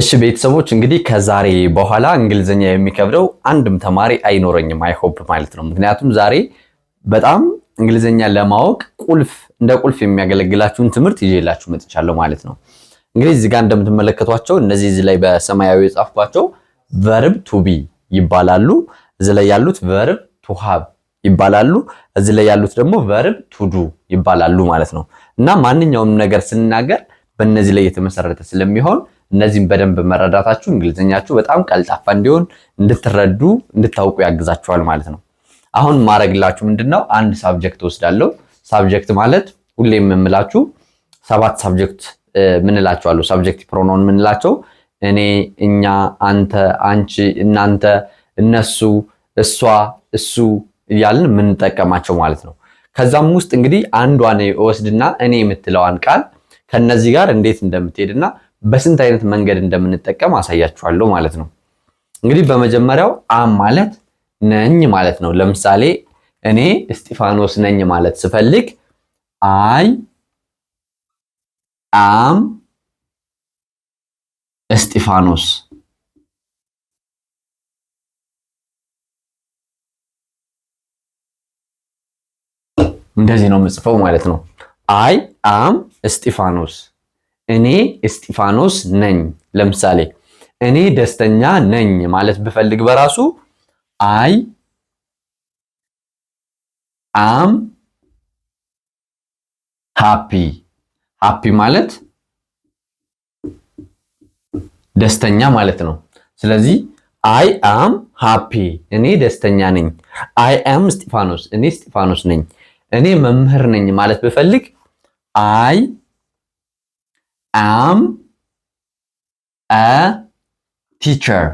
እሺ ቤተሰቦች እንግዲህ ከዛሬ በኋላ እንግሊዝኛ የሚከብደው አንድም ተማሪ አይኖረኝም አይሆፕ ማለት ነው። ምክንያቱም ዛሬ በጣም እንግሊዝኛ ለማወቅ ቁልፍ እንደ ቁልፍ የሚያገለግላችሁን ትምህርት ይዤላችሁ መጥቻለሁ ማለት ነው። እንግዲህ እዚህ ጋር እንደምትመለከቷቸው እነዚህ እዚህ ላይ በሰማያዊ የጻፍኳቸው ቨርብ ቱቢ ይባላሉ። እዚህ ላይ ያሉት ቨርብ ቱሃብ ይባላሉ። እዚህ ላይ ያሉት ደግሞ ቨርብ ቱዱ ይባላሉ ማለት ነው እና ማንኛውም ነገር ስንናገር በእነዚህ ላይ የተመሰረተ ስለሚሆን እነዚህም በደንብ መረዳታችሁ እንግሊዝኛችሁ በጣም ቀልጣፋ እንዲሆን እንድትረዱ እንድታውቁ ያግዛችኋል ማለት ነው። አሁን ማድረግላችሁ ምንድን ነው? አንድ ሳብጀክት ወስዳለሁ። ሳብጀክት ማለት ሁሌም የምላችሁ ሰባት ሳብጀክት ምንላቸዋለሁ፣ ሳብጀክት ፕሮኖን ምንላቸው እኔ፣ እኛ፣ አንተ፣ አንቺ፣ እናንተ፣ እነሱ፣ እሷ፣ እሱ እያልን የምንጠቀማቸው ማለት ነው። ከዛም ውስጥ እንግዲህ አንዷን ወስድና እኔ የምትለዋን ቃል ከነዚህ ጋር እንዴት እንደምትሄድና በስንት አይነት መንገድ እንደምንጠቀም አሳያችኋለሁ ማለት ነው። እንግዲህ በመጀመሪያው አም ማለት ነኝ ማለት ነው። ለምሳሌ እኔ እስጢፋኖስ ነኝ ማለት ስፈልግ አይ አም እስጢፋኖስ እንደዚህ ነው የምጽፈው ማለት ነው። አይ አም እስጢፋኖስ እኔ እስጢፋኖስ ነኝ። ለምሳሌ እኔ ደስተኛ ነኝ ማለት ብፈልግ በራሱ አይ አም ሃፒ ሃፒ ማለት ደስተኛ ማለት ነው። ስለዚህ አይ አም ሃፒ እኔ ደስተኛ ነኝ። አይ አም እስጢፋኖስ እኔ እስጢፋኖስ ነኝ። እኔ መምህር ነኝ ማለት ብፈልግ አይ አም አ ቲቸር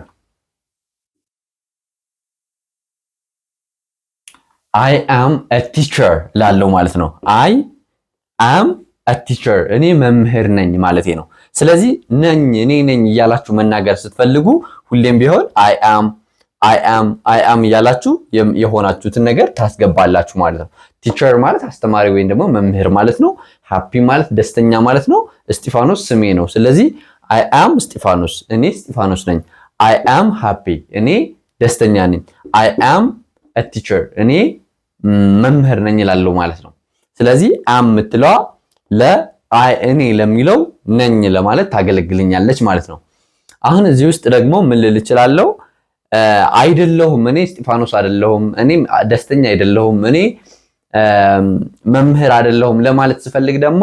አይ አም አ ቲቸር ላለው ማለት ነው። አይ አም አ ቲቸር እኔ መምህር ነኝ ማለት ነው። ስለዚህ ነኝ እኔ ነኝ እያላችሁ መናገር ስትፈልጉ ሁሌም ቢሆን አይ አም አይ አም አይ አም እያላችሁ የሆናችሁትን ነገር ታስገባላችሁ ማለት ነው። ቲቸር ማለት አስተማሪ ወይም ደግሞ መምህር ማለት ነው። ሃፒ ማለት ደስተኛ ማለት ነው። እስጢፋኖስ ስሜ ነው። ስለዚህ አይ አም እስጢፋኖስ እኔ እስጢፋኖስ ነኝ። አይ አም ሃፒ እኔ ደስተኛ ነኝ። አይ አም አ ቲቸር እኔ መምህር ነኝ ይላለው ማለት ነው። ስለዚህ አም የምትለዋ ለአይ እኔ ለሚለው ነኝ ለማለት ታገለግልኛለች ማለት ነው። አሁን እዚህ ውስጥ ደግሞ ምን ልል እችላለሁ? አይደለሁም እኔ እስጢፋኖስ አይደለሁም፣ እኔ ደስተኛ አይደለሁም፣ እኔ መምህር አይደለሁም ለማለት ስፈልግ ደግሞ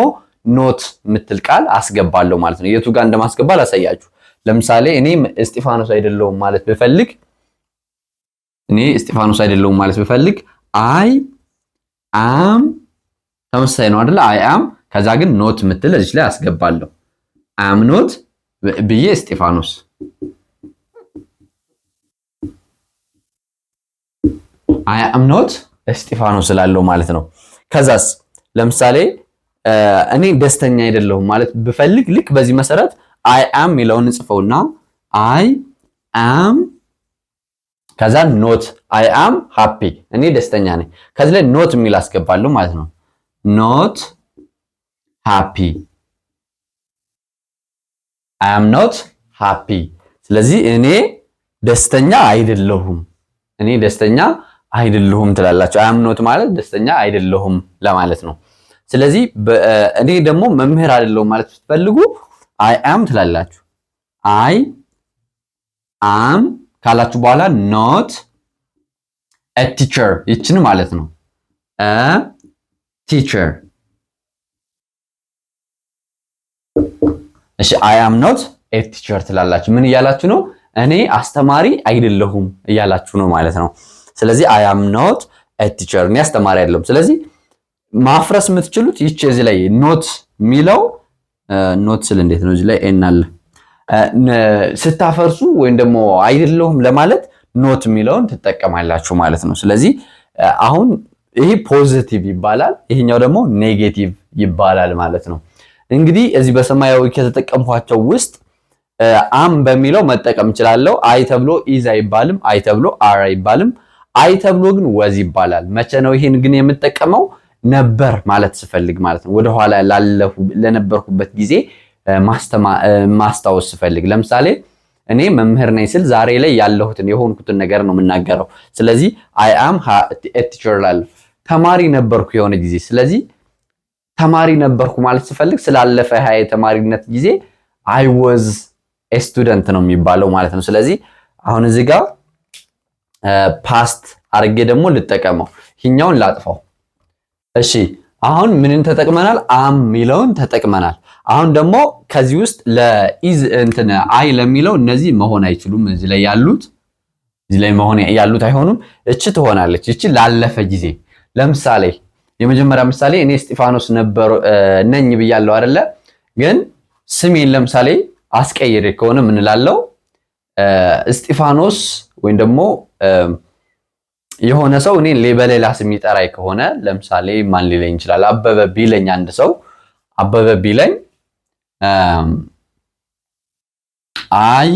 ኖት የምትል ቃል አስገባለሁ ማለት ነው። የቱ ጋር እንደማስገባ ላሳያችሁ። ለምሳሌ እኔ እስጢፋኖስ አይደለሁም ማለት ብፈልግ እኔ እስጢፋኖስ አይደለሁም ማለት ብፈልግ አይ አም ተመሳሳይ ነው አይደለ? አይ አም ከዛ ግን ኖት የምትል እዚች ላይ አስገባለሁ። አም ኖት ብዬ እስጢፋኖስ አይ አም ኖት እስጢፋኖስ ስላለው ማለት ነው። ከዛስ ለምሳሌ እኔ ደስተኛ አይደለሁም ማለት ብፈልግ ልክ በዚህ መሰረት አይ አም የሚለውን እንጽፈውና አይ አም ከዛ ኖት አይ አም ሃፒ እኔ ደስተኛ ነኝ። ከዚህ ላይ ኖት የሚል አስገባለሁ ማለት ነው። ኖት ሃፒ አይ አም ኖት ሃፒ። ስለዚህ እኔ ደስተኛ አይደለሁም። እኔ ደስተኛ አይደለሁም ትላላችሁ። አያምኖት ማለት ደስተኛ አይደለሁም ለማለት ነው። ስለዚህ እኔ ደግሞ መምህር አይደለሁም ማለት ስትፈልጉ አይ አም ትላላችሁ። አይ አም ካላችሁ በኋላ ኖት አ ቲቸር ይችን ማለት ነው። አ ቲቸር እሺ። አይ አም ኖት አ ቲቸር ትላላችሁ። ምን እያላችሁ ነው? እኔ አስተማሪ አይደለሁም እያላችሁ ነው ማለት ነው። ስለዚህ አም ኖት ቲቸር እኔ አስተማሪ አይደለሁም። ስለዚህ ማፍረስ የምትችሉት ይች እዚህ ላይ ኖት የሚለው ኖት ስል እንዴት ነው እዚህ ላይ እናለ ስታፈርሱ ወይም ደግሞ አይደለሁም ለማለት ኖት የሚለውን ትጠቀማላችሁ ማለት ነው። ስለዚህ አሁን ይህ ፖዚቲቭ ይባላል፣ ይሄኛው ደግሞ ኔጌቲቭ ይባላል ማለት ነው። እንግዲህ እዚህ በሰማያዊ ከተጠቀምኳቸው ውስጥ አም በሚለው መጠቀም እችላለሁ። አይ ተብሎ ኢዝ አይባልም፣ አይ ተብሎ አር አይባልም፣ አይ ተብሎ ግን ወዝ ይባላል። መቼ ነው ይሄን ግን የምጠቀመው? ነበር ማለት ስፈልግ ማለት ነው። ወደኋላ ላለሁ ለነበርኩበት ጊዜ ማስታወስ ስፈልግ፣ ለምሳሌ እኔ መምህር ነኝ ስል ዛሬ ላይ ያለሁትን የሆንኩትን ነገር ነው የምናገረው። ስለዚህ አይ አም ቲቸር ላለሁ። ተማሪ ነበርኩ የሆነ ጊዜ። ስለዚህ ተማሪ ነበርኩ ማለት ስፈልግ ስላለፈ ሀ የተማሪነት ጊዜ አይ ወዝ ኤ ስቱደንት ነው የሚባለው ማለት ነው። ስለዚህ አሁን እዚህ ጋር ፓስት አርጌ ደግሞ ልጠቀመው። ይህኛውን ላጥፈው እሺ አሁን ምንን ተጠቅመናል? አም የሚለውን ተጠቅመናል። አሁን ደግሞ ከዚህ ውስጥ ለኢዝ እንትን አይ ለሚለው እነዚህ መሆን አይችሉም። እዚህ ላይ ያሉት እዚህ ላይ መሆን ያሉት አይሆኑም። እቺ ትሆናለች። እቺ ላለፈ ጊዜ። ለምሳሌ የመጀመሪያ ምሳሌ እኔ እስጢፋኖስ ነበር ነኝ ብያለሁ አይደለ? ግን ስሜን ለምሳሌ አስቀይሬ ከሆነ ምንላለው? እስጢፋኖስ ወይም ደግሞ የሆነ ሰው እኔ በሌላ ስም ከሆነ ለምሳሌ ማን ሊለኝ ይችላል? አበበ ቢለኝ አንድ ሰው አበበ ቢለኝ አይ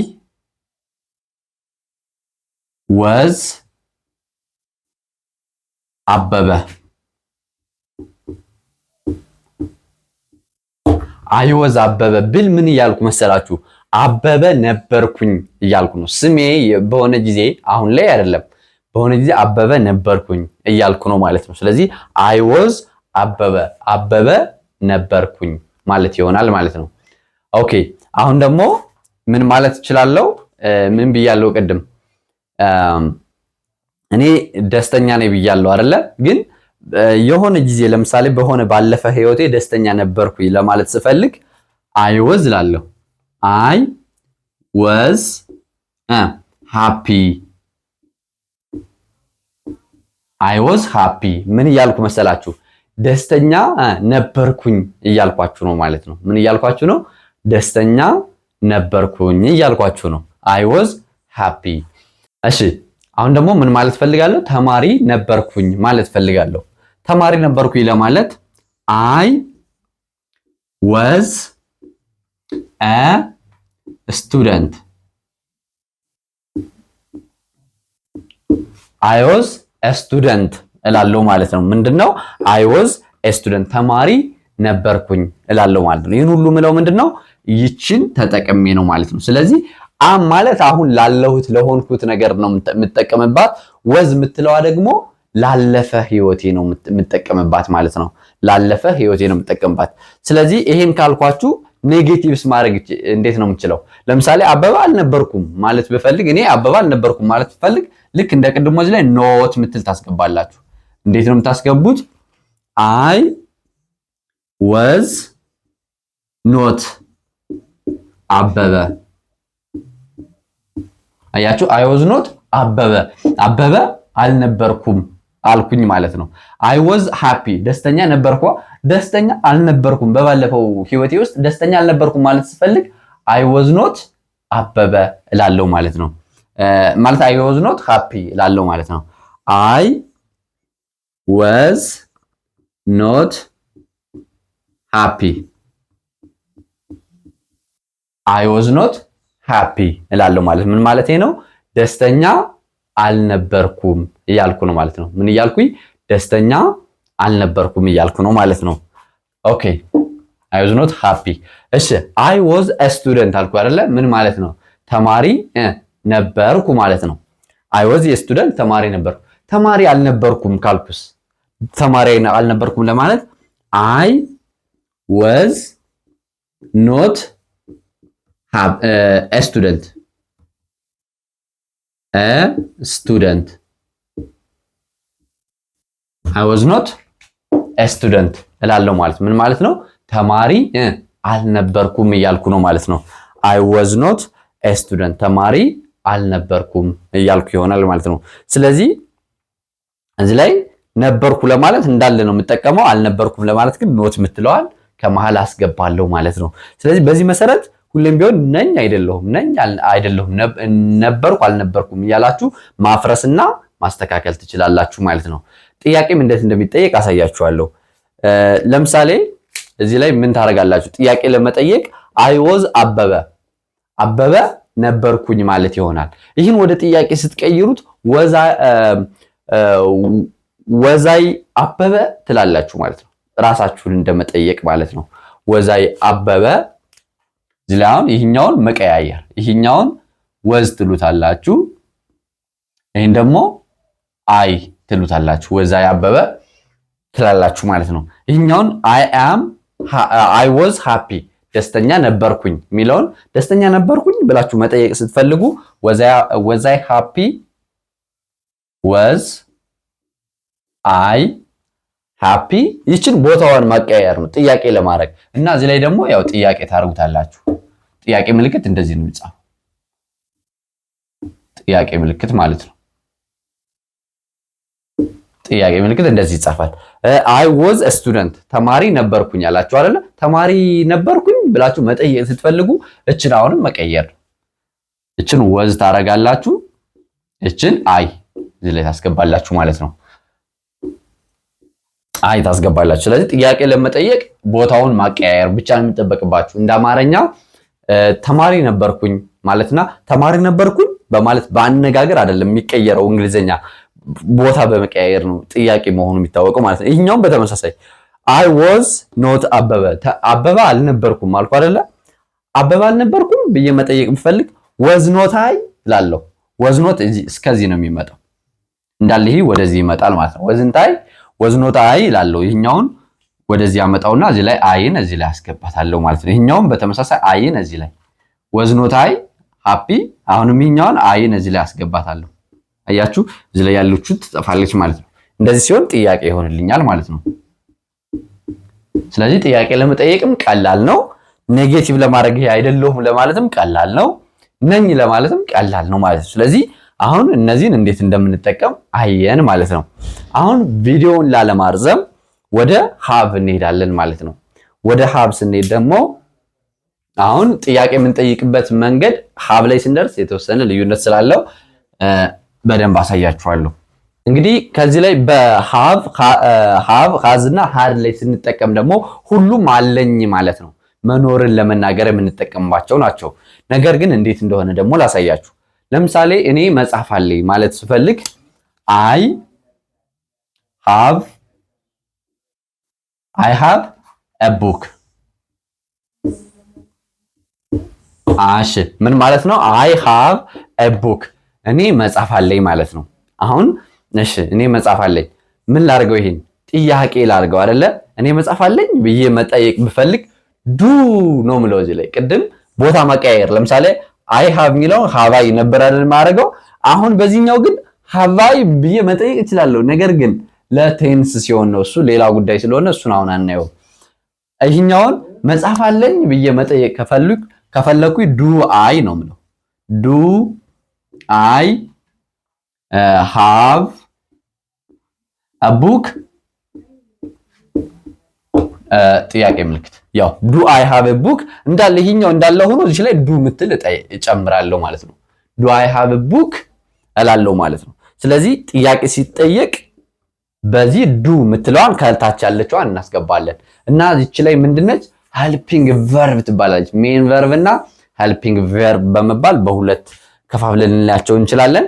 ወዝ አበበ አይ ወዝ አበበ ብል ምን እያልኩ መሰላችሁ? አበበ ነበርኩኝ እያልኩ ነው። ስሜ በሆነ ጊዜ አሁን ላይ አይደለም፣ በሆነ ጊዜ አበበ ነበርኩኝ እያልኩ ነው ማለት ነው። ስለዚህ አይ ወዝ አበበ፣ አበበ ነበርኩኝ ማለት ይሆናል ማለት ነው። ኦኬ አሁን ደግሞ ምን ማለት እችላለሁ? ምን ብያለሁ ቅድም? እኔ ደስተኛ ነኝ ብያለሁ አይደለ? ግን የሆነ ጊዜ ለምሳሌ በሆነ ባለፈ ህይወቴ ደስተኛ ነበርኩኝ ለማለት ስፈልግ አይወዝ ወዝ እላለሁ። አይ ወዝ ሃፒ አይ ወዝ ሃፒ። ምን እያልኩ መሰላችሁ? ደስተኛ uh, ነበርኩኝ እያልኳችሁ ነው ማለት ነው። ምን እያልኳችሁ ነው? ደስተኛ ነበርኩኝ እያልኳችሁ ነው። አይ ወዝ ሃፒ። እሺ፣ አሁን ደግሞ ምን ማለት ፈልጋለሁ? ተማሪ ነበርኩኝ ማለት ፈልጋለሁ። ተማሪ ነበርኩኝ ለማለት አይ ወዝ አ ስቱደንት አይወዝ ስቱደንት እላለሁ ማለት ነው። ምንድነው አይወዝ ስቱደንት ተማሪ ነበርኩኝ እላለሁ ማለት ነው። ይህን ሁሉ ምለው ምንድነው ይችን ተጠቅሜ ነው ማለት ነው። ስለዚህ አም ማለት አሁን ላለሁት ለሆንኩት ነገር ነው የምጠቀምባት። ወዝ የምትለዋ ደግሞ ላለፈ ህይወቴ ነው የምጠቀምባት ማለት ነው። ላለፈ ህይወቴ ነው የምጠቀምባት። ስለዚህ ይሄን ካልኳችሁ ኔጌቲቭስ ማድረግ እንዴት ነው የምችለው? ለምሳሌ አበባ አልነበርኩም ማለት ብፈልግ እኔ አበባ አልነበርኩም ማለት ብፈልግ ልክ እንደ ቅድሞች ላይ ኖት ምትል ታስገባላችሁ። እንዴት ነው የምታስገቡት? አይ ወዝ ኖት አበበ። አያችሁ፣ አይ ወዝ ኖት አበበ አበበ አልነበርኩም አልኩኝ ማለት ነው። አይ ወዝ ሃፒ ደስተኛ ነበርኩ። ደስተኛ አልነበርኩም። በባለፈው ህይወቴ ውስጥ ደስተኛ አልነበርኩም ማለት ስፈልግ አይ ዋዝ ኖት አበበ እላለው ማለት ነው። ማለት አይ ዋዝ ኖት ሃፒ እላለው ማለት ነው። አይ ወዝ ኖት ሃፒ አይ ዋዝ ኖት ሃፒ እላለው ማለት ምን ማለት ነው? ደስተኛ አልነበርኩም እያልኩ ነው ማለት ነው። ምን እያልኩኝ? ደስተኛ አልነበርኩም እያልኩ ነው ማለት ነው። ኦኬ አይ ዋዝ ኖት ሃፒ። እሺ አይ ዋዝ ስቱደንት አልኩ አይደለ? ምን ማለት ነው? ተማሪ ነበርኩ ማለት ነው። አይ ዋዝ የስቱደንት ተማሪ ነበርኩ። ተማሪ አልነበርኩም ካልኩስ? ተማሪ አልነበርኩም ለማለት አይ ዋዝ ኖት ስቱደንት አ ስቱደንት አይ ዋዝ ኖት አ ስቱደንት እላለሁ ማለት ምን ማለት ነው? ተማሪ አልነበርኩም እያልኩ ነው ማለት ነው። አይ ዋዝ ኖት አ ስቱደንት ተማሪ አልነበርኩም እያልኩ ይሆናል ማለት ነው። ስለዚህ እዚህ ላይ ነበርኩ ለማለት እንዳለ ነው የምጠቀመው። አልነበርኩም ለማለት ግን ኖት የምትለዋል ከመሀል አስገባለሁ ማለት ነው። ስለዚህ በዚህ መሰረት ሁሌም ቢሆን ነኝ አይደለሁም ነኝ አይደለሁም ነበርኩ አልነበርኩም እያላችሁ ማፍረስና ማስተካከል ትችላላችሁ ማለት ነው። ጥያቄም እንዴት እንደሚጠየቅ አሳያችኋለሁ። ለምሳሌ እዚህ ላይ ምን ታደርጋላችሁ? ጥያቄ ለመጠየቅ አይወዝ አበበ አበበ ነበርኩኝ ማለት ይሆናል። ይህን ወደ ጥያቄ ስትቀይሩት ወዛይ አበበ ትላላችሁ ማለት ነው። ራሳችሁን እንደመጠየቅ ማለት ነው። ወዛይ አበበ እዚህ ላይ አሁን ይህኛውን መቀያየር ይህኛውን ወዝ ትሉታላችሁ፣ ይህን ደግሞ አይ ትሉታላችሁ። ወዛ ያበበ ትላላችሁ ማለት ነው። ይህኛውን አይ አም አይ ወዝ ሃፒ ደስተኛ ነበርኩኝ የሚለውን ደስተኛ ነበርኩኝ ብላችሁ መጠየቅ ስትፈልጉ ወዛይ ሃፒ ወዝ አይ ሃፒ ይችን ቦታዋን ማቀያየር ነው ጥያቄ ለማድረግ እና እዚህ ላይ ደግሞ ያው ጥያቄ ታደርጉታላችሁ። ጥያቄ ምልክት እንደዚህ ነው የሚጻፈው። ጥያቄ ምልክት ማለት ነው። ጥያቄ ምልክት እንደዚህ ይጻፋል። አይ ወዝ ስቱደንት ተማሪ ነበርኩኝ አላችሁ አይደለ? ተማሪ ነበርኩኝ ብላችሁ መጠየቅ ስትፈልጉ እችን አሁንም መቀየር እችን ወዝ ታረጋላችሁ። እችን አይ እዚህ ላይ ታስገባላችሁ ማለት ነው። አይ ታስገባላችሁ። ስለዚህ ጥያቄ ለመጠየቅ ቦታውን ማቀያየር ብቻ ነው የሚጠበቅባችሁ እንደ አማርኛ ተማሪ ነበርኩኝ ማለትና ተማሪ ነበርኩኝ በማለት በአነጋገር አይደለም የሚቀየረው። እንግሊዝኛ ቦታ በመቀያየር ነው ጥያቄ መሆኑ የሚታወቀው ማለት ነው። ይህኛውም በተመሳሳይ አይ ዋዝ ኖት አበበ አበበ አልነበርኩም አልኩ አደለ አበበ አልነበርኩም ብዬ መጠየቅ ብፈልግ ወዝ ኖት አይ ላለው ወዝ ኖት እስከዚህ ነው የሚመጣው እንዳለ ይሄ ወደዚህ ይመጣል ማለት ነው። ወዝንታይ ወዝ ኖት አይ ላለው ይህኛውን ወደዚህ አመጣውና እዚህ ላይ አይን እዚህ ላይ አስገባታለሁ ማለት ነው። ይሄኛውም በተመሳሳይ አይን እዚህ ላይ ወዝኖታይ ሃፒ። አሁንም ይህኛውን አይን እዚህ ላይ አስገባታለሁ። አያችሁ እዚህ ላይ ያለችው ትጠፋለች ማለት ነው። እንደዚህ ሲሆን ጥያቄ ይሆንልኛል ማለት ነው። ስለዚህ ጥያቄ ለመጠየቅም ቀላል ነው። ኔጌቲቭ ለማድረግ ይሄ አይደለሁም ለማለትም ቀላል ነው። ነኝ ለማለትም ቀላል ነው ማለት ነው። ስለዚህ አሁን እነዚህን እንዴት እንደምንጠቀም አየን ማለት ነው። አሁን ቪዲዮውን ላለማርዘም ወደ ሀብ እንሄዳለን ማለት ነው። ወደ ሀብ ስንሄድ ደግሞ አሁን ጥያቄ የምንጠይቅበት መንገድ ሀብ ላይ ስንደርስ የተወሰነ ልዩነት ስላለው በደንብ አሳያችኋለሁ። እንግዲህ ከዚህ ላይ በሀብ ሀብ ሀዝና ሀድ ላይ ስንጠቀም ደግሞ ሁሉም አለኝ ማለት ነው። መኖርን ለመናገር የምንጠቀምባቸው ናቸው። ነገር ግን እንዴት እንደሆነ ደግሞ ላሳያችሁ። ለምሳሌ እኔ መጽሐፍ አለኝ ማለት ስፈልግ አይ ሀብ አይ ሃብ አ ቡክ። አሽ ምን ማለት ነው? አይ ሃብ አ ቡክ እኔ መጽሐፍ አለኝ ማለት ነው። አሁን እሺ እኔ መጽሐፍ አለኝ ምን ላድርገው? ይሄን ጥያቄ ላድርገው አይደለ? እኔ መጽሐፍ አለኝ ብዬ መጠየቅ ብፈልግ ዱ ነው ምለው። እዚህ ላይ ቅድም ቦታ መቀያየር፣ ለምሳሌ አይ ሃብ የሚለውን ሃቫይ ነበር አይደል ማድረገው። አሁን በዚህኛው ግን ሃቫይ ብዬ መጠየቅ እችላለሁ። ነገር ግን ለቴንስ ሲሆን ነው እሱ ሌላ ጉዳይ ስለሆነ እሱን አሁን አናየው። ይህኛውን መጽሐፍ አለኝ ብዬ መጠየቅ ከፈልኩ ከፈለኩ ዱ አይ ነው ምለው ዱ አይ ሃቭ አ ቡክ ጥያቄ ምልክት ያው ዱ አይ ሃቭ አ ቡክ እንዳለ ይሄኛው እንዳለ ሆኖ እዚህ ላይ ዱ ምትል እጨምራለሁ ማለት ነው። ዱ አይ ሃቭ ቡክ እላለሁ ማለት ነው። ስለዚህ ጥያቄ ሲጠየቅ በዚህ ዱ የምትለዋን ከታች ያለችዋን እናስገባለን እና እዚች ላይ ምንድነች ሄልፒንግ ቨርብ ትባላለች። ሜን ቨርብ እና ሄልፒንግ ቨርብ በመባል በሁለት ከፋፍለን ልንላቸው እንችላለን።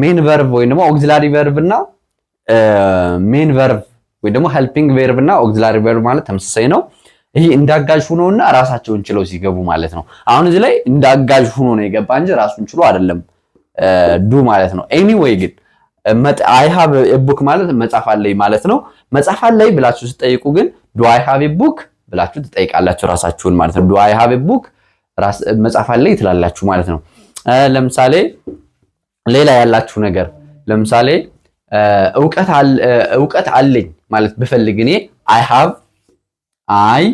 ሜን ቨርብ ወይም ደግሞ ኦግዚላሪ ቨርብ እና ሜን ቨርብ ወይም ደግሞ ሄልፒንግ ቨርብ እና ኦግዚላሪ ቨርብ ማለት ተመሳሳይ ነው። ይህ እንዳጋዥ ሆኖ እና ራሳቸውን ችለው ሲገቡ ማለት ነው። አሁን እዚህ ላይ እንዳጋዥ ሆኖ ነው የገባ እንጂ ራሱን ችሎ አይደለም ዱ ማለት ነው። ኤኒዌይ ግን አይ ቡክ ማለት መጽሐፍ አለኝ ማለት ነው። መጽሐፍ አለኝ ብላችሁ ስትጠይቁ ግን ዱ አይ ቡክ ብላችሁ ትጠይቃላችሁ ራሳችሁን ማለት ነው። ዱ አይ ሃብ ቡክ መጽሐፍ አለኝ ትላላችሁ ማለት ነው። ለምሳሌ ሌላ ያላችሁ ነገር ለምሳሌ እውቀት አለኝ ማለት ብፈልግ እኔ አይ ሃቭ አይ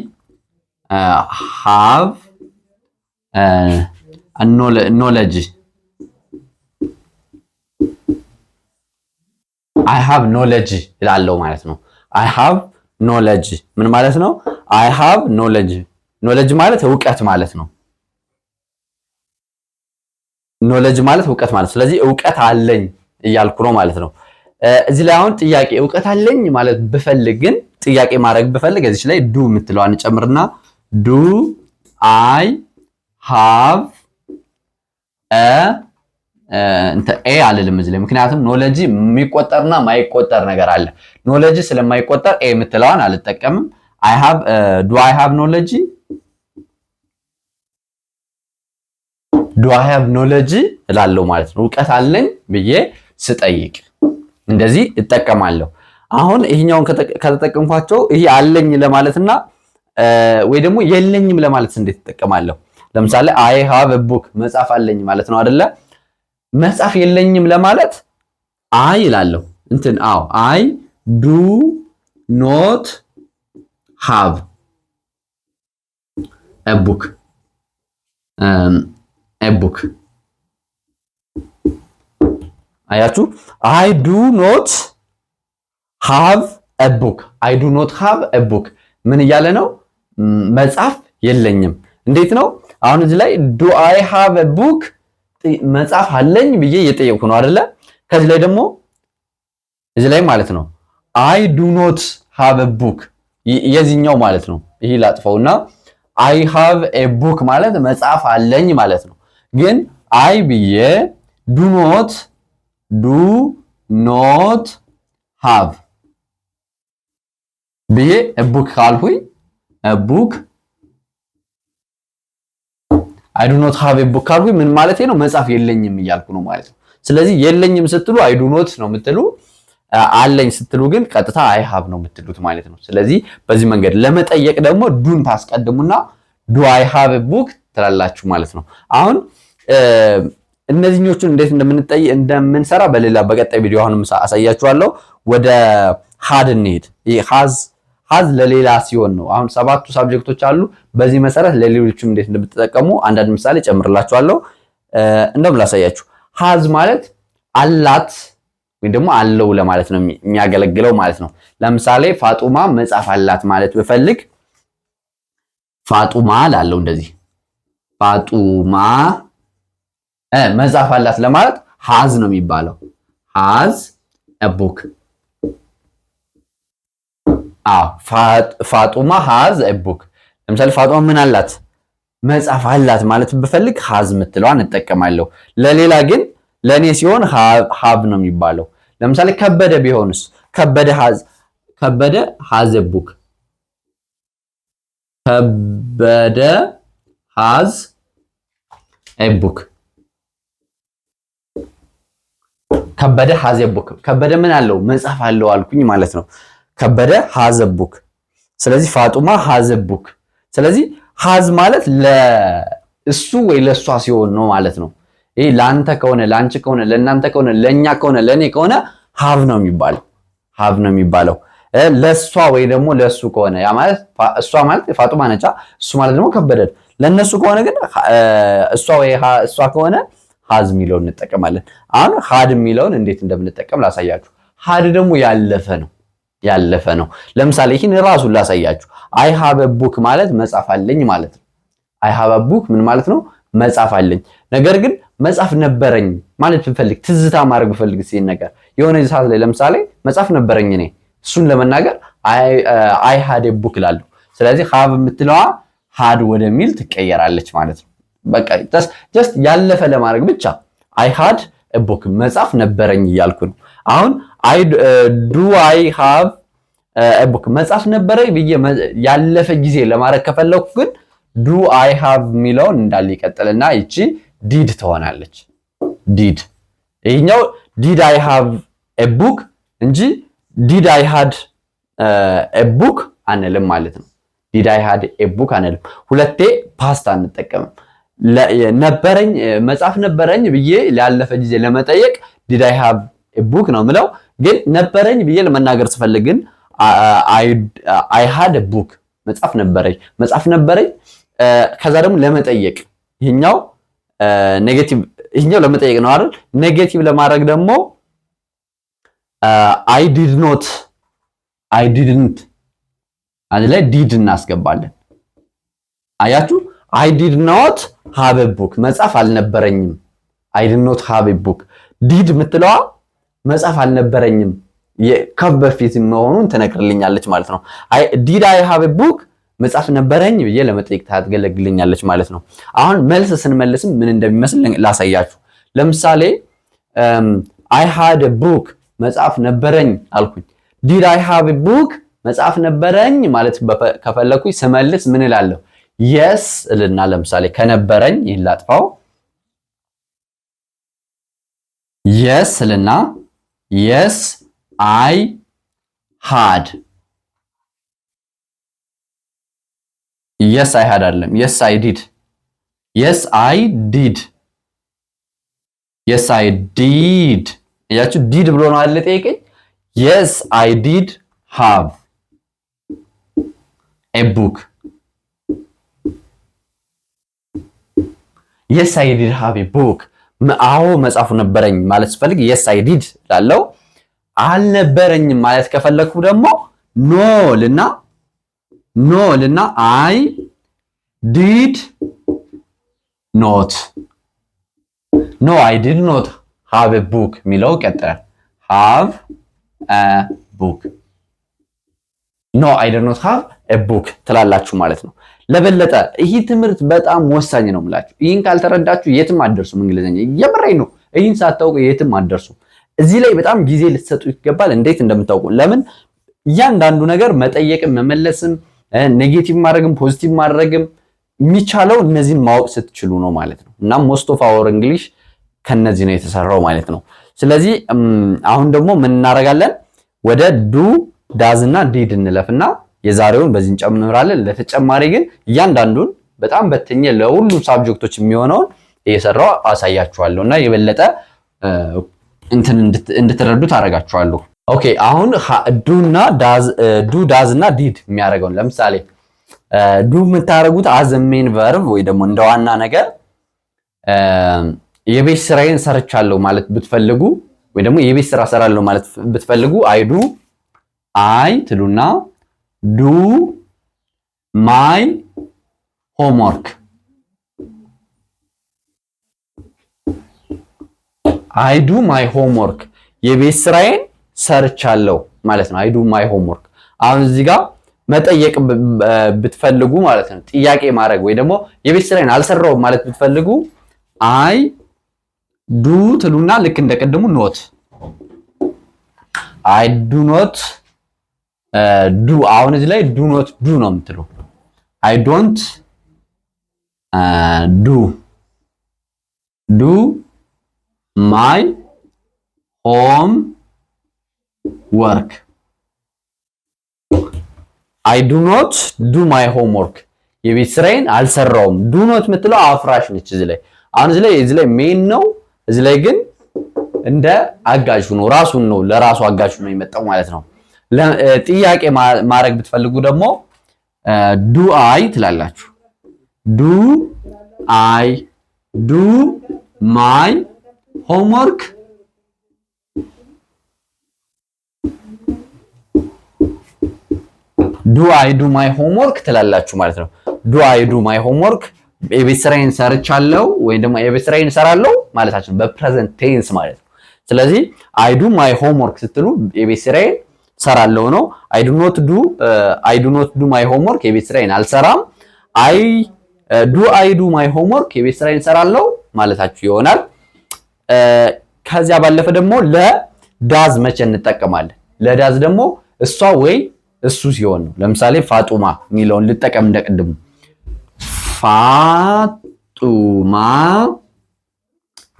ሃቭ ኖለጅ አይ ሃቭ ኖሌጅ ይላለው ማለት ነው። አይ ሃቭ ኖሌጅ ምን ማለት ነው? አይ ሃቭ ኖሌጅ ኖሌጅ ማለት እውቀት ማለት ነው። ኖሌጅ ማለት እውቀት ማለት ስለዚህ እውቀት አለኝ እያልኩ ነው ማለት ነው። እዚህ ላይ አሁን ጥያቄ እውቀት አለኝ ማለት ብፈልግ ግን ጥያቄ ማድረግ ብፈልግ እዚች ላይ ዱ የምትለው አንጨምርና ዱ አይ ሃቭ ኤ አልልም እዚህ ላይ ምክንያቱም ኖለጂ የሚቆጠርና ማይቆጠር ነገር አለ። ኖለጂ ስለማይቆጠር ኤ የምትለዋን አልጠቀምም። አይ ዱ አይ ሃብ ኖለጂ ዱ አይ ሃቭ ኖለጂ እላለሁ ማለት ነው። እውቀት አለኝ ብዬ ስጠይቅ እንደዚህ እጠቀማለሁ። አሁን ይሄኛውን ከተጠቀምኳቸው ይሄ አለኝ ለማለትና ወይ ደግሞ የለኝም ለማለት እንዴት እጠቀማለሁ? ለምሳሌ አይ ሃቭ ቡክ መጽሐፍ አለኝ ማለት ነው አይደለ? መጽሐፍ የለኝም ለማለት አይ ይላለሁ። እንትን አዎ አይ ዱ ኖት ሃቭ ኤ ቡክ ቡክ። አያችሁ አይ ዱ ኖት ሃቭ ኤ ቡክ አይ ዱ ኖት ሃቭ ቡክ ምን እያለ ነው? መጽሐፍ የለኝም። እንዴት ነው አሁን እዚህ ላይ ዱ አይ ሃቭ ኤ ቡክ መጽሐፍ አለኝ ብዬ እየጠየቅኩ ነው አይደለ? ከዚህ ላይ ደግሞ እዚህ ላይ ማለት ነው አይ ዱ ኖት ሃቭ ቡክ የዚህኛው ማለት ነው። ይሄ ላጥፈውና አይ ሃቭ ኤ ቡክ ማለት መጽሐፍ አለኝ ማለት ነው። ግን አይ ብዬ ዱ ኖት ዱ ኖት ሃቭ ብዬ ቡክ ካልሁኝ ቡክ አይዱኖት ሀብ ቡክ ምን ማለት ነው? መጽሐፍ የለኝም እያልኩ ነው ማለት ነው። ስለዚህ የለኝም ስትሉ አይዱኖት ነው የምትሉ፣ አለኝ ስትሉ ግን ቀጥታ አይሃብ ነው የምትሉት ማለት ነው። ስለዚህ በዚህ መንገድ ለመጠየቅ ደግሞ ዱን ታስቀድሙና ዱ አይሃብ ቡክ ትላላችሁ ማለት ነው። አሁን እነዚህኞቹን እንዴት እንደምንጠይ እንደምንሰራ በሌላ በቀጣይ ቪዲዮ አሁንም አሳያችኋለሁ። ወደ ሀድ እንሄድ ሀዝ ሀዝ ለሌላ ሲሆን ነው። አሁን ሰባቱ ሳብጀክቶች አሉ። በዚህ መሰረት ለሌሎችም እንዴት እንደምትጠቀሙ አንዳንድ ምሳሌ ጨምርላችኋለሁ። እንደውም ላሳያችሁ። ሀዝ ማለት አላት ወይም ደግሞ አለው ለማለት ነው የሚያገለግለው ማለት ነው። ለምሳሌ ፋጡማ መጽሐፍ አላት ማለት ብፈልግ ፋጡማ ላለው እንደዚህ ፋጡማ መጽሐፍ አላት ለማለት ሀዝ ነው የሚባለው። ሀዝ ቡክ ፋጡማ ሃዝ ቡክ። ለምሳሌ ፋጡማ ምን አላት? መጽሐፍ አላት ማለት ብፈልግ ሃዝ የምትለዋን እጠቀማለሁ። ለሌላ ግን ለእኔ ሲሆን ሃብ ነው የሚባለው። ለምሳሌ ከበደ ቢሆንስ? ከበደ ሃዝ ቡክ። ከበደ ሃዝ ቡክ። ከበደ ሃዝ ከበደ ምን አለው? መጽሐፍ አለው አልኩኝ ማለት ነው። ከበደ ሃዘቡክ። ስለዚህ ፋጡማ ሃዘቡክ። ስለዚህ ሀዝ ማለት ለእሱ ወይ ለእሷ ሲሆን ነው ማለት ነው። ይሄ ለአንተ ከሆነ ለአንቺ ከሆነ ለእናንተ ከሆነ ለእኛ ከሆነ ለእኔ ከሆነ ሀብ ነው የሚባለው ሀብ ነው የሚባለው። ለእሷ ወይ ደግሞ ለእሱ ከሆነ ያ ማለት እሷ ማለት ፋጡማ ነጫ፣ እሱ ማለት ደግሞ ከበደ። ለእነሱ ከሆነ ግን እሷ ወይ እሷ ከሆነ ሀዝ የሚለውን እንጠቀማለን። አሁን ሀድ የሚለውን እንዴት እንደምንጠቀም ላሳያችሁ። ሀድ ደግሞ ያለፈ ነው ያለፈ ነው። ለምሳሌ ይህን ራሱን ላሳያችሁ። አይ ሃቭ ኤ ቡክ ማለት መጻፍ አለኝ ማለት ነው። አይ ሃቭ ኤ ቡክ ምን ማለት ነው? መጻፍ አለኝ። ነገር ግን መጻፍ ነበረኝ ማለት ብፈልግ፣ ትዝታ ማድረግ ብፈልግ ሲል ነገር የሆነ ሰዓት ላይ ለምሳሌ መጻፍ ነበረኝ እኔ እሱን ለመናገር አይ ሃድ ኤ ቡክ እላለሁ። ስለዚህ ሃቭ የምትለዋ ሃድ ወደሚል ትቀየራለች ማለት ነው። በቃ ጀስት ያለፈ ለማድረግ ብቻ አይ ሃድ ቡክ መጻፍ ነበረኝ እያልኩ ነው አሁን አይ ዱ አይ ሃቭ ቡክ መጽሐፍ ነበረ ብዬ ያለፈ ጊዜ ለማድረግ ከፈለኩ ግን ዱ አይ ሃቭ የሚለውን እንዳለ ይቀጥልና ይቺ ዲድ ትሆናለች። ዲድ ይህኛው ዲድ አይ ሃቭ ቡክ እንጂ ዲድ አይ ሃድ ቡክ አንልም ማለት ነው። ዲድ አይ ሃድ ቡክ አንልም። ሁለቴ ፓስት አንጠቀምም። ነበረኝ መጽሐፍ ነበረኝ ብዬ ላለፈ ጊዜ ለመጠየቅ ዲድ አይ ሃቭ ቡክ ነው ምለው ግን ነበረኝ ብዬ ለመናገር ስፈልግ ግን አይ ሃድ ቡክ መጽሐፍ ነበረኝ መጽሐፍ ነበረኝ። ከዛ ደግሞ ለመጠየቅ ይሄኛው ኔጌቲቭ ይሄኛው ለመጠየቅ ነው አይደል? ኔጌቲቭ ለማድረግ ደግሞ አይ ዲድ ኖት አይ ዲድንት አንድ ላይ ዲድ እናስገባለን። አያችሁ አይ ዲድ ኖት ሃብ ቡክ መጽሐፍ አልነበረኝም። አይ ዲድ ኖት ሃብ ቡክ ዲድ የምትለዋ መጽሐፍ አልነበረኝም ከፍ በፊት መሆኑን ትነግርልኛለች ማለት ነው። ዲድ አይ ሃቭ ቡክ መጽሐፍ ነበረኝ ብዬ ለመጠየቅ ታገለግልኛለች ማለት ነው። አሁን መልስ ስንመልስም ምን እንደሚመስል ላሳያችሁ። ለምሳሌ አይ ሃድ ቡክ መጽሐፍ ነበረኝ አልኩኝ። ዲድ አይ ሃቭ ቡክ መጽሐፍ ነበረኝ ማለት ከፈለኩኝ ስመልስ ምን እላለሁ? የስ እልና ለምሳሌ ከነበረኝ ይህን ላጥፋው። የስ እልና የስ አይ ሃድ የስ አይ ሃድ አይደለም። የስ አይ ዲድ የስ አይ ዲድ የስ አይ ዲድ እያችሁ ዲድ ብሎ ነው አለ ጠይቀኝ። የስ አይ ዲድ ሃቭ ኤ ቡክ የስ አይ ዲድ ሃቭ ኤ ቡክ አዎ መጽሐፉ ነበረኝ ማለት ስፈልግ የስ አይ ዲድ ላለው አልነበረኝም ማለት ከፈለግኩ ደግሞ ኖ ልና ኖ ልና አይ ዲድ ኖት ኖ አይ ዲድ ኖት ሃቭ ቡክ የሚለው ይቀጥላል። ሃቭ ቡክ ኖ አይ ዲድ ኖት ሃቭ ቡክ ትላላችሁ ማለት ነው። ለበለጠ ይህ ትምህርት በጣም ወሳኝ ነው የምላችሁ። ይህን ካልተረዳችሁ የትም አደርሱም። እንግሊዝኛ የምሬን ነው። ይህን ሳታውቁ የትም አትደርሱም። እዚህ ላይ በጣም ጊዜ ልትሰጡ ይገባል። እንዴት እንደምታውቁ ለምን እያንዳንዱ ነገር መጠየቅም መመለስም ኔጌቲቭ ማድረግም ፖዚቲቭ ማድረግም የሚቻለው እነዚህን ማወቅ ስትችሉ ነው ማለት ነው። እና ሞስት ኦፍ አወር እንግሊሽ ከነዚህ ነው የተሰራው ማለት ነው። ስለዚህ አሁን ደግሞ ምን እናደርጋለን? ወደ ዱ ዳዝ እና ዲድ እንለፍና የዛሬውን በዚህ እንጨምራለን። ለተጨማሪ ግን እያንዳንዱን በጣም በተኘ ለሁሉም ሳብጀክቶች የሚሆነውን እየሰራው አሳያችኋለሁ እና የበለጠ እንትን እንድትረዱ ታደርጋችኋለሁ። ኦኬ አሁን ዱና ዳዝ ዱ ዳዝ እና ዲድ የሚያደርገውን ለምሳሌ ዱ የምታደርጉት አዝ ሜን ቨርብ ወይ ደግሞ እንደ ዋና ነገር የቤት ስራዬን ሰርቻለሁ ማለት ብትፈልጉ ወይ ደግሞ የቤት ስራ ሰራለሁ ማለት ብትፈልጉ አይ ዱ አይ ትሉና ዱ ማይ ሆምወርክ አይዱ ማይ ሆምወርክ የቤት ስራዬን ሰርቻለሁ ማለት ነው። አይዱ ማይ ሆምወርክ። አሁን እዚህ ጋር መጠየቅ ብትፈልጉ ማለት ነው ጥያቄ ማድረግ ወይ ደግሞ የቤት ስራዬን አልሰራውም ማለት ብትፈልጉ አይ ዱ ትሉና ልክ እንደ ኖት አይ ዱ ኖት ዱ አሁን እዚህ ላይ ዱ ኖት ዱ ነው የምትሉ። አይ ዶንት ዱ ዱ ማይ ሆም ወርክ አይ ዱ ኖት ዱ ማይ ሆም ወርክ የቤት ስራዬን አልሰራውም። ዱ ኖት የምትለው አፍራሽ ነች እዚህ ላይ አሁን እዚህ ላይ እዚህ ላይ ሜን ነው። እዚህ ላይ ግን እንደ አጋዥ ነው ራሱን ነው ለራሱ አጋዥ ነው የመጣው ማለት ነው። ጥያቄ ማድረግ ብትፈልጉ ደግሞ ዱ አይ ትላላችሁ። ዱ አይ ዱ ማይ ሆምወርክ ዱ አይ ዱ ማይ ሆምወርክ ትላላችሁ ማለት ነው። ዱ አይ ዱ ማይ ሆምወርክ የቤት ስራዬን ሰርቻለሁ ወይም ደግሞ የቤት ስራዬን እሰራለሁ ማለታችን በፕሬዘንት ቴንስ ማለት ነው። ስለዚህ አይ ዱ ማይ ሆምወርክ ስትሉ የቤት ስራዬን ሰራለው ነው። አይ ዱ ኖት ዱ አይ ዱ ኖት ዱ ማይ ሆምወርክ የቤት ስራዬን አልሰራም። አይ ዱ አይ ዱ ማይ ሆምወርክ የቤት ስራዬን ሰራለው ማለታችሁ ይሆናል። uh, ከዚያ ባለፈ ደግሞ ለዳዝ መቼ እንጠቀማለን? ለዳዝ ደግሞ እሷ ወይ እሱ ሲሆን ነው። ለምሳሌ ፋጡማ የሚለውን ልጠቀም እንደቅድሙ ፋጡማ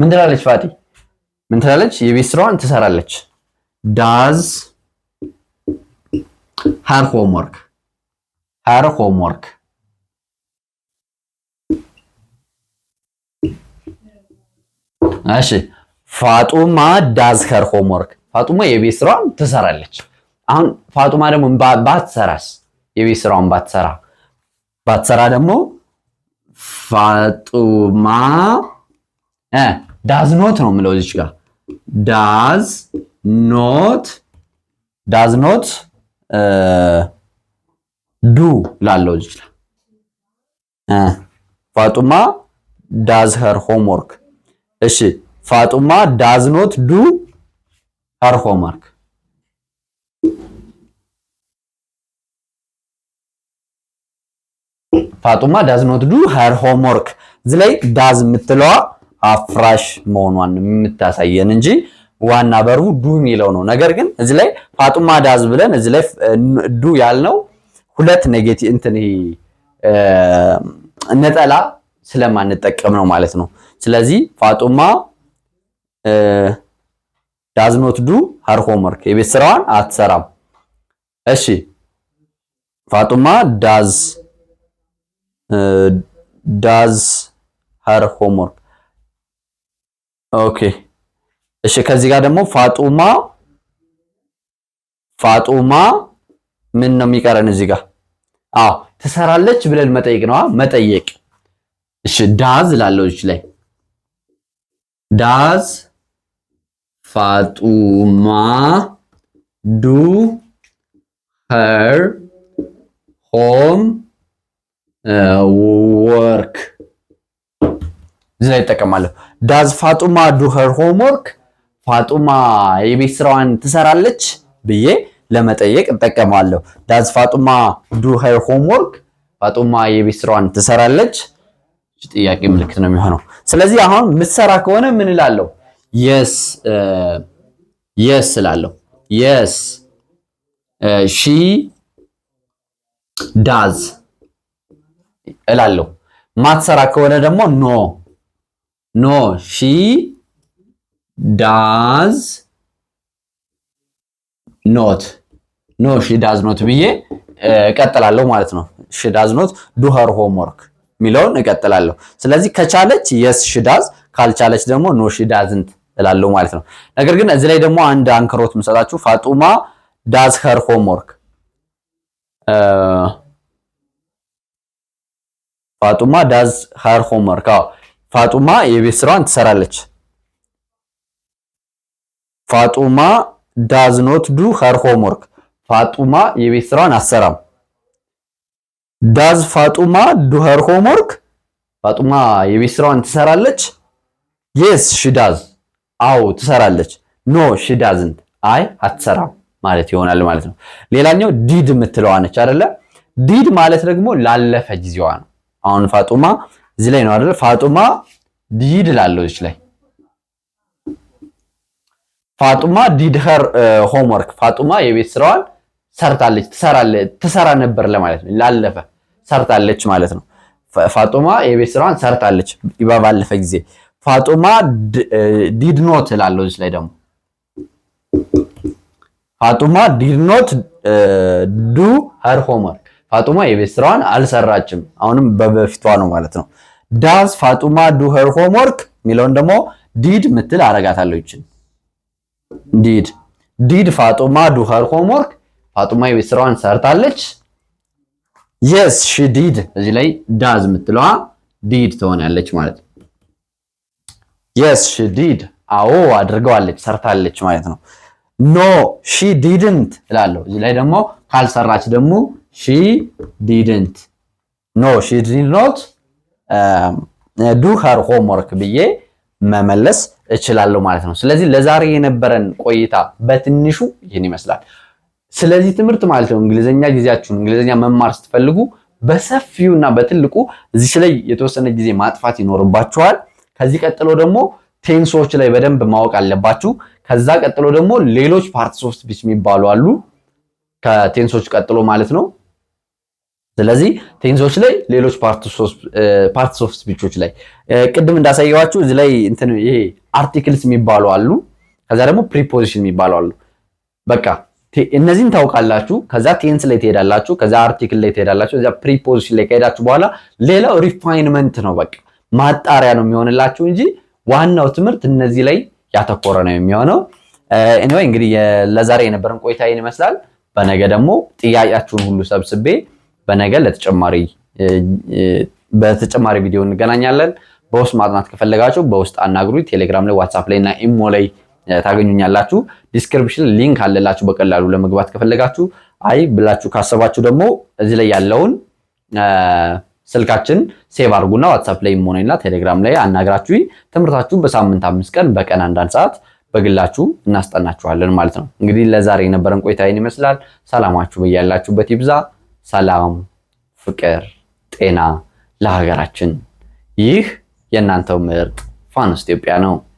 ምን ትላለች? ፋጢ ምን ትላለች? የቤት ስራዋን ትሰራለች ዳዝ ሃር ሆምወርክ ሃር ሆምወርክ እሺ ፋጡማ ዳዝ ኸር ሆምወርክ ፋጡማ የቤት ስራዋን ትሰራለች። አሁን ፋጡማ ደግሞ ባትሰራስ? የቤት ስራዋን ባትሰራ ባትሰራ ደግሞ ፋጡማ ዳዝ ኖት ነው የምለው እዚህ ጋር ዳዝ ኖት ዳዝ ኖት ዱ ላለው ልጅ ፋጡማ ዳዝ ሄር ሆምወርክ። እሺ ፋጡማ ዳዝ ኖት ዱ ሄር ሆምወርክ። ፋጡማ ዳዝ ኖት ዱ ሄር ሆምወርክ። እዚህ ላይ ዳዝ የምትለዋ አፍራሽ መሆኗን የምታሳየን እንጂ ዋና በሩ ዱ የሚለው ነው። ነገር ግን እዚህ ላይ ፋጡማ ዳዝ ብለን እዚህ ላይ ዱ ያልነው ሁለት ኔጌቲቭ እንትን ነጠላ ስለማንጠቀም ነው ማለት ነው። ስለዚህ ፋጡማ ዳዝ ኖት ዱ ሀር ሆምወርክ የቤት ስራዋን አትሰራም። እሺ ፋጡማ ዳዝ ዳዝ ሀር ሆምወርክ ኦኬ እሺ ከዚህ ጋር ደግሞ ፋጡማ ፋጡማ ምን ነው የሚቀረን እዚህ ጋር? አዎ ትሰራለች ብለን መጠየቅ ነው። መጠየቅ እሺ፣ ዳዝ ላለው እዚህ ላይ ዳዝ ፋጡማ ዱ ሄር ሆም ወርክ እዚህ ላይ ይጠቀማለሁ። ዳዝ ፋጡማ ዱ ሄር ሆም ወርክ ፋጡማ የቤት ስራዋን ትሰራለች ብዬ ለመጠየቅ እጠቀማለሁ። ዳዝ ፋጡማ ዱ ሄር ሆምወርክ? ፋጡማ የቤት ስራዋን ትሰራለች? ጥያቄ ምልክት ነው የሚሆነው። ስለዚህ አሁን ምትሰራ ከሆነ ምን እላለሁ? የስ የስ uh, እላለሁ። የስ ሺ ዳዝ እላለሁ። ማትሰራ ከሆነ ደግሞ ኖ ኖ ሺ ዳዝ ኖት ኖ ሺ ዳዝ ኖት ብዬ እቀጥላለሁ ማለት ነው። ሺ ዳዝ ኖት ዱ ኸር ሆምወርክ የሚለውን እቀጥላለሁ። ስለዚህ ከቻለች የስ ሺ ዳዝ፣ ካልቻለች ደግሞ ኖ ሺ ዳዝንት እላለሁ ማለት ነው። ነገር ግን እዚህ ላይ ደግሞ አንድ አንክሮት የምሰጣችሁ ፋጡማ ዳዝ ኸር ሆምወርክ ፋጡማ ዳዝ ኸር ሆምወርክ ፋጡማ የቤት ስራዋን ትሰራለች። ፋጡማ ዳዝ ኖት ዱ ኸር ሆምወርክ። ፋጡማ የቤት ስራዋን አሰራም። ዳዝ ፋጡማ ዱ ኸር ሆምወርክ? ፋጡማ የቤት ስራዋን ትሰራለች? የስ ሺ ዳዝ፣ አዎ ትሰራለች። ኖ ሺ ዳዝንት፣ አይ አትሰራም ማለት ይሆናል ማለት ነው። ሌላኛው ዲድ የምትለዋ ነች አይደለ? ዲድ ማለት ደግሞ ላለፈ ጊዜዋ ነው። አሁን ፋጡማ እዚህ ላይ ነው አይደለ? ፋጡማ ዲድ ላለው ላለች ላይ ፋጡማ ዲድኸር ሆምወርክ ፋጡማ የቤት ስራዋን ሰርታለች ትሰራ ነበር ለማለት ነው። ላለፈ ሰርታለች ማለት ነው። ፋጡማ የቤት ስራዋን ሰርታለች ባለፈ ጊዜ። ፋጡማ ዲድኖት እላለሁ እዚህ ላይ ደግሞ ፋጡማ ዲድኖት ዱ ሀር ሆምወርክ ፋጡማ የቤት ስራዋን አልሰራችም። አሁንም በበፊቷ ነው ማለት ነው። ዳዝ ፋጡማ ዱ ሀር ሆምወርክ የሚለውን ደግሞ ዲድ ምትል አረጋታለሁ ይችን ዲድ ዲድ ፋጡማ ዱ ኸር ሆምወርክ ፋጡማ የቤት ስራዋን ሰርታለች። የስ ሺ ዲድ እዚህ ላይ ዳዝ የምትለዋ ዲድ ትሆናለች ማለት ነው። የስ ሺ ዲድ አዎ አድርገዋለች ሰርታለች ማለት ነው። ኖ ሺ ዲድንት እላለሁ። እዚህ ላይ ደግሞ ካልሰራች ደግሞ ሺ ዲድንት ኖ ሺ ዲድ ኖት ዱ ኸር ሆምወርክ ብዬ መመለስ እችላለሁ ማለት ነው። ስለዚህ ለዛሬ የነበረን ቆይታ በትንሹ ይህን ይመስላል። ስለዚህ ትምህርት ማለት ነው እንግሊዘኛ ጊዜያችሁን እንግሊዘኛ መማር ስትፈልጉ በሰፊውና በትልቁ እዚህ ላይ የተወሰነ ጊዜ ማጥፋት ይኖርባችኋል። ከዚህ ቀጥሎ ደግሞ ቴንሶች ላይ በደንብ ማወቅ አለባችሁ። ከዛ ቀጥሎ ደግሞ ሌሎች ፓርት ሶስት ቢች የሚባሉ አሉ ከቴንሶች ቀጥሎ ማለት ነው። ስለዚህ ቴንሶች ላይ ሌሎች ፓርትስ ኦፍ ስፒቾች ላይ ቅድም እንዳሳየዋችሁ እዚህ ላይ ይሄ አርቲክልስ የሚባሉ አሉ። ከዛ ደግሞ ፕሪፖዚሽን የሚባሉ አሉ። በቃ እነዚህን ታውቃላችሁ። ከዛ ቴንስ ላይ ትሄዳላችሁ። ከዛ አርቲክል ላይ ትሄዳላችሁ። እዚያ ፕሪፖዚሽን ላይ ከሄዳችሁ በኋላ ሌላው ሪፋይንመንት ነው። በቃ ማጣሪያ ነው የሚሆንላችሁ እንጂ ዋናው ትምህርት እነዚህ ላይ ያተኮረ ነው የሚሆነው። ኤኒዌይ እንግዲህ ለዛሬ የነበረን ቆይታ ይህን ይመስላል። በነገ ደግሞ ጥያቄያችሁን ሁሉ ሰብስቤ በነገ ለተጨማሪ በተጨማሪ ቪዲዮ እንገናኛለን። በውስጥ ማጥናት ከፈለጋችሁ በውስጥ አናግሩ። ቴሌግራም ላይ፣ ዋትሳፕ ላይ እና ኢሞ ላይ ታገኙኛላችሁ። ዲስክሪፕሽን ሊንክ አለላችሁ። በቀላሉ ለመግባት ከፈለጋችሁ አይ ብላችሁ ካሰባችሁ ደግሞ እዚህ ላይ ያለውን ስልካችን ሴቭ አድርጉና ዋትሳፕ ላይ ኢሞ ቴሌግራም ላይ አናግራችሁ ትምህርታችሁ በሳምንት አምስት ቀን በቀን አንዳንድ ሰዓት በግላችሁ እናስጠናችኋለን ማለት ነው። እንግዲህ ለዛሬ የነበረን ቆይታ ይህን ይመስላል። ሰላማችሁ በያላችሁበት ይብዛ። ሰላም፣ ፍቅር፣ ጤና ለሀገራችን። ይህ የእናንተው ምርጥ ፋኖስ ኢትዮጵያ ነው።